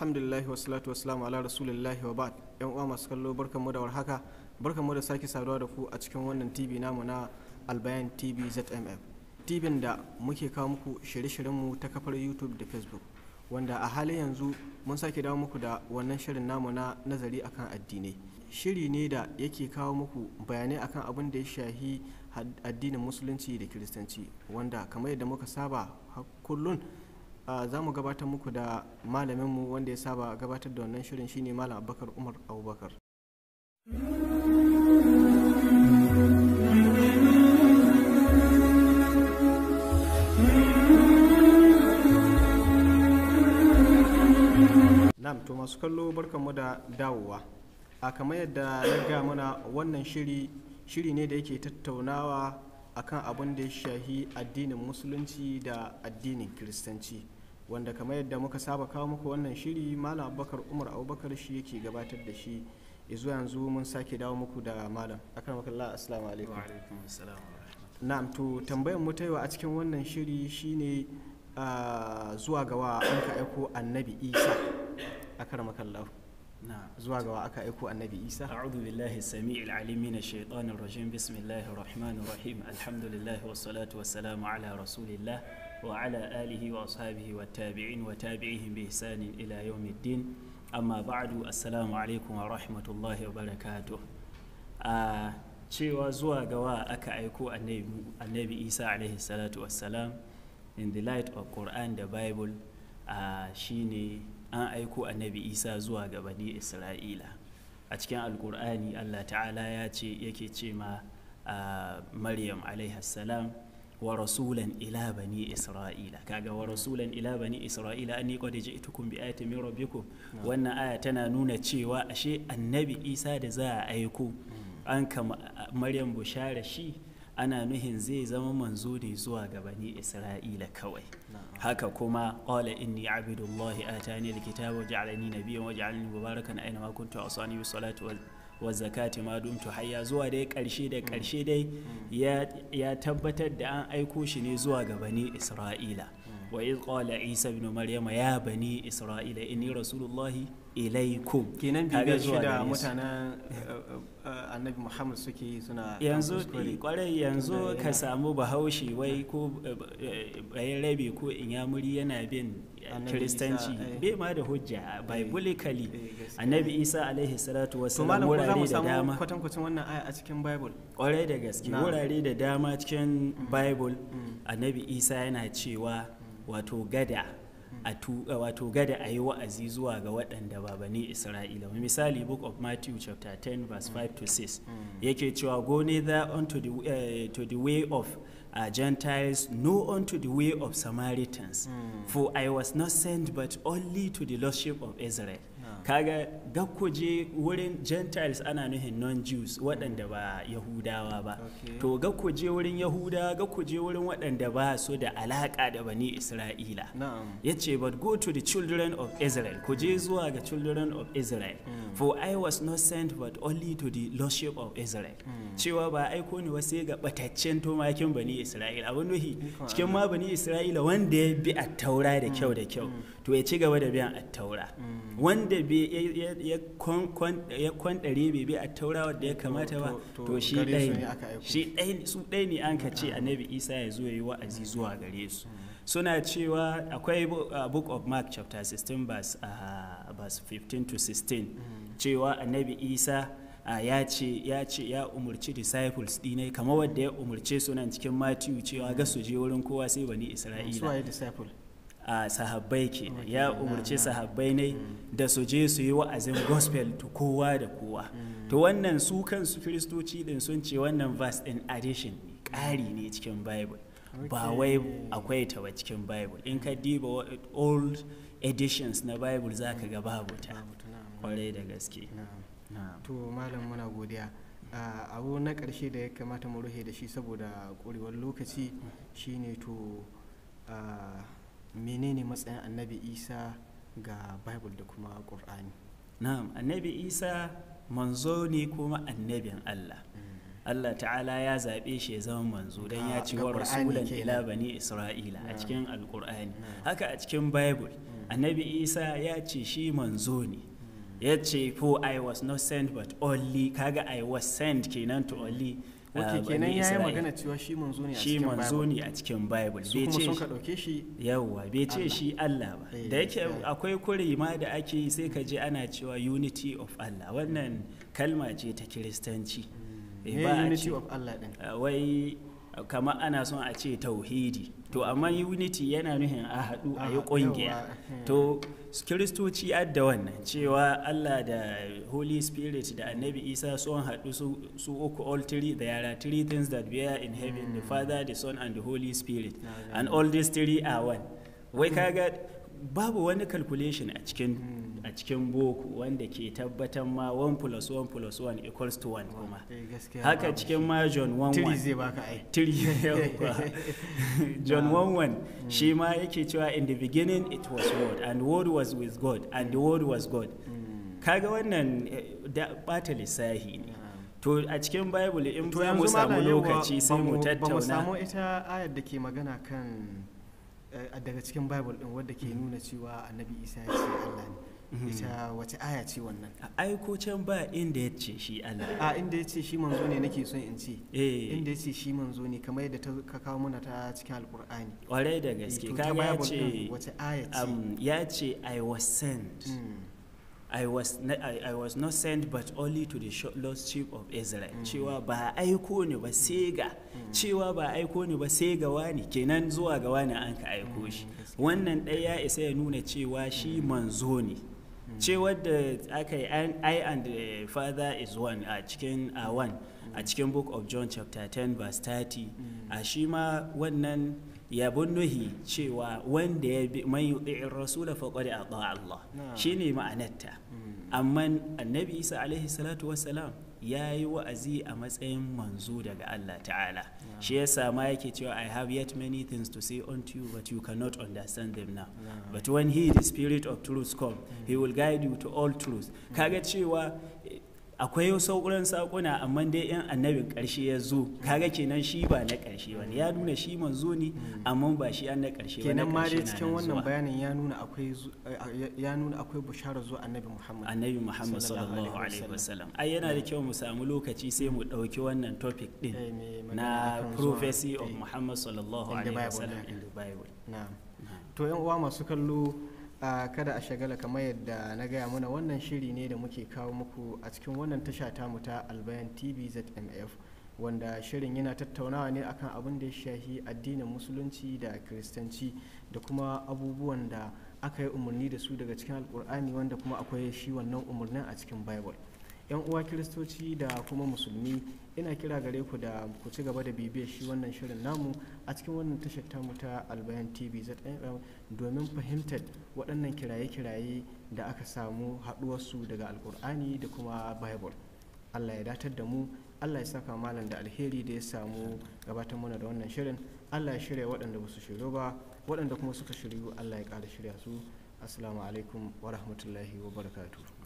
alhamdulillahi wasalatu wasalamu ala rasulillahi wa ba'd yan uwa masu kallo mu da warhaka mu da sake saduwa da ku a cikin wannan tv namu na albayan tv zmf tv da muke kawo muku shirye shiryen mu ta kafar youtube da facebook wanda a halin yanzu mun sake dawo muku da wannan shirin namu na nazari akan addinai shiri ne da yake kawo muku bayanai akan abin da ya shahi addinin musulunci da kiristanci wanda kamar yadda muka saba kullun Ah, za mu gabatar muku da malaminmu wanda ya saba gabatar da wannan shirin shine malam abubakar umar abubakar nam to masu kallo barkanmu da dawowa a kamar yadda na ga mana wannan shiri shiri ne da yake tattaunawa akan abin da ya shahi addinin musulunci da addinin kiristanci wanda kamar yadda muka saba kawo muku wannan shiri malam abubakar umar abubakar shi yake gabatar da shi zuwa yanzu mun sake dawo muku da malam akramakallah assalamu alaikum wa alaikum assalam na'am to tambayar mu ta a cikin wannan shiri shine zuwa gawa an ka aiko annabi isa akramakallah zuwa gawa aka aiko annabi isa a'udhu billahi samii'il alim min ash rajim bismillahir rahmanir rahim alhamdulillah was salatu salamu ala rasulillah وعلى tabi'in wa والتابعين وتابعيهم بإحسان إلى يوم amma أما بعد السلام عليكم ورحمة wa وبركاته a cewa zuwa gawa aka aiko annabi isa alaihi salatu wassalam in the light of quran da bible uh, shine an aiko annabi isa zuwa ga bani isra'ila a cikin alkur'ani allah ta'ala ya ce yake ce ma maryam alaihi salam wa rasulan ila bani isra'ila kaga wa rasulan ila bani isra'ila anni qad ji'tukum bi ayatin min rabbikum wannan aya tana nuna cewa ashe annabi isa da za a aiko hmm. an kama maryam bushara shi ana nuhin zai zama manzo ne zuwa ga bani isra'ila kawai haka kuma qala inni abdullahi atani alkitaba waj'alani nabiyyan mubarakan aina ma kuntu salatu wa zakati ma dumtu hayya zuwa dai karshe da karshe dai ya tabbatar da an aiko shi ne zuwa ga bani isra'ila wa iz qala isa ibn maryama ya bani isra'ila inni rasulullah ilaikum kenan bibiyar shi da mutanen eh, eh, eh, annabi muhammad suke suna yanzu kwarai yanzu ka samu bahaushe wai ko rabi ko inyamuri yana bin kiristanci eh. bai ma da hujja eh, eh, biblically annabi isa alaihi salatu wasallam wurare da dama kwatankwacin wannan aya a cikin bible kwarai da gaske wurare da dama cikin mm. bible mm. annabi isa yana cewa mm. wato gada wato gada a yi wa'azi zuwa ga waɗanda babani isra'ila misali book of matthew chapter 10 verse 5 to 6 yake cewa go neither unto the, uh, to the way of uh, Gentiles, no unto the way of Samaritans. Mm. For I was not sent but only to the lordship of Israel. kaga kuje wurin gentiles ana nuhin non-jews waɗanda ba yahudawa ba to kuje wurin yahudawa kuje wurin waɗanda ba su da alaƙa da bani isra'ila ya ce but go to the children of israel ku je zuwa ga children of israel mm. for i was not sent but only to the lordship of israel mm. cewa ba aiko ne wasu ga bataccen tumakin bani isra'ila abin nuhi cikin ma bani isra'ila wanda ya bi a taura da kyau da mm. kyau to ya ci gaba da biyan taura wanda bebe ya kwandare bebe a taura da ya kamata ba to shi ɗaya su ɗaya ne an ka ce annabi isa ya zo ya yi wa'azi zuwa gare su mm. suna cewa akwai book of mark chapter 16 verse 15 to 16 mm. cewa annabi isa ya ce ya ce ya umarci disciples dinai kamar wadda ya umarce sunan cikin Matthew cewa ga su je wurin kowa sai bani mm. Isra'ila. a sahabbai ke ya umarci sahabbai ne da su je su yi wa'azin gospel to kowa da kowa to wannan su kansu kiristoci din sun ce wannan verse in addition ƙari ne cikin bible ba wai akwai ta ba cikin bible in ka diba old editions na bible za ka ga babu ta kwarai da gaske to malam muna godiya abu na karshe da ya kamata mu rufe da shi saboda ƙurewar lokaci shine to menene matsayin annabi isa ga bible da kuma ƙur'ani na'am annabi isa manzo ne kuma annabin allah mm. Allah ta'ala ya zaɓe shi ya zama manzo don ya ci wa rasulan ila bani isra'ila a cikin alkur'ani haka a cikin bible mm. annabi isa ya ce shi manzo ne mm. ya ce for i was not sent but only kaga i was sent kenan to only uh, kenan ya yi magana cewa shi manzo ne a cikin bible shi manzo ne a cikin bible su kuma sun ka ɗauke shi yawwa bai ce shi allah ba eh, da yake akwai kuri ma da ake yi sai ka je ana cewa unity of allah wannan kalma ce ta kiristanci hmm. eh, ba unity of allah din ah, wai kamar ana son a ce tauhidi to amma unity yana nuhin a haɗu a yi ƙungiya to kiristoci yadda wannan cewa allah da holy spirit da annabi isa sun haɗu su uku all three there are three things that we are in heaven the hmm. father the son and the holy spirit and all these three are one wai kaga babu wani calculation a cikin a cikin boko wanda ke tabbatar ma 1 plus 1 plus 1 equals to 1 kuma eh, haka cikin ma john 1 1 zai baka ai john 1 1 hmm. shi ma yake cewa in the beginning it was word and word was with god and the word was god hmm. kaga wannan bata eh, lissahi ne to a cikin bible in ba mu samu lokaci sai mu tattauna ba mu samu ita ayar da ke magana kan daga cikin bible din wadda ke nuna cewa annabi isa ya ce allah ne mhm. ita wace aya ce wannan a aiko can ba inda ya ce shi allah a inda ya ce shi manzo ne nake son in ce eh. inda ya ce shi manzo ne kamar yadda ta ka kawo muna ta cikin alkur'ani kwarai da gaske eh, ka ya ce um, ya ce i was sent mm. I was, not, I, I was not sent but only to the lost sheep of Israel mm. cewa ba aiko ne ba sai ga mm. cewa ba aiko ne ba sai ga wani kenan zuwa ga wani an ka aiko mm. shi wannan ɗaya ya isa ya nuna cewa shi manzo ne Cewa da aka yi I and the father is one a cikin a one a cikin book of John chapter 10 verse 30 a shi ma wannan yabun nuhi cewa wanda ya bi man yuti'ir rasula faqad ata Allah shine ma'anarta hmm. amma annabi Isa alaihi salatu wassalam ya yi wa'azi a matsayin manzo daga Allah ta'ala shi ya ma yake cewa I have yet many things to say unto you but you cannot understand them now but when he the spirit of truth come hmm. he will guide you to all truth kaga cewa akwai sauran sakuna amma dai yan annabin karshe ya zo kaga kenan shi ba na karshe ba ya nuna shi manzo ne amma ba shi an na karshe ba kenan ma dai cikin wannan bayanin ya nuna akwai ya nuna akwai bushara zuwa annabi Muhammad annabi Muhammad sallallahu alaihi wasallam ai yana da kyau mu samu lokaci sai mu dauki wannan topic din eh, na prophecy of Muhammad sallallahu alaihi wasallam in the Bible na'am to yan uwa masu kallo a kada a shagala kamar yadda na gaya muna wannan shiri ne da muke kawo muku a cikin wannan tasha tamu ta albayan tvzmf wanda shirin yana tattaunawa ne akan abin da ya shahi addinin musulunci da kiristanci da kuma abubuwan da aka yi umarni da su daga cikin alkur'ani wanda kuma akwai shi wannan umarnin a cikin bible 'yan uwa kiristoci da kuma musulmi ina kira gare ku da ku ci gaba da bibiyar shi wannan shirin namu a cikin wannan tashar tamu ta albayan tv domin fahimtar waɗannan kiraye-kiraye da aka samu haɗuwarsu daga alkur'ani da kuma bible allah ya datar da mu allah ya saka malam da alheri da ya samu gabatar mana da wannan shirin allah ya shirya waɗanda ba su shiryu ba waɗanda kuma suka shiryu allah ya ƙara shirya su assalamu alaikum wa rahmatullahi wa barakatuh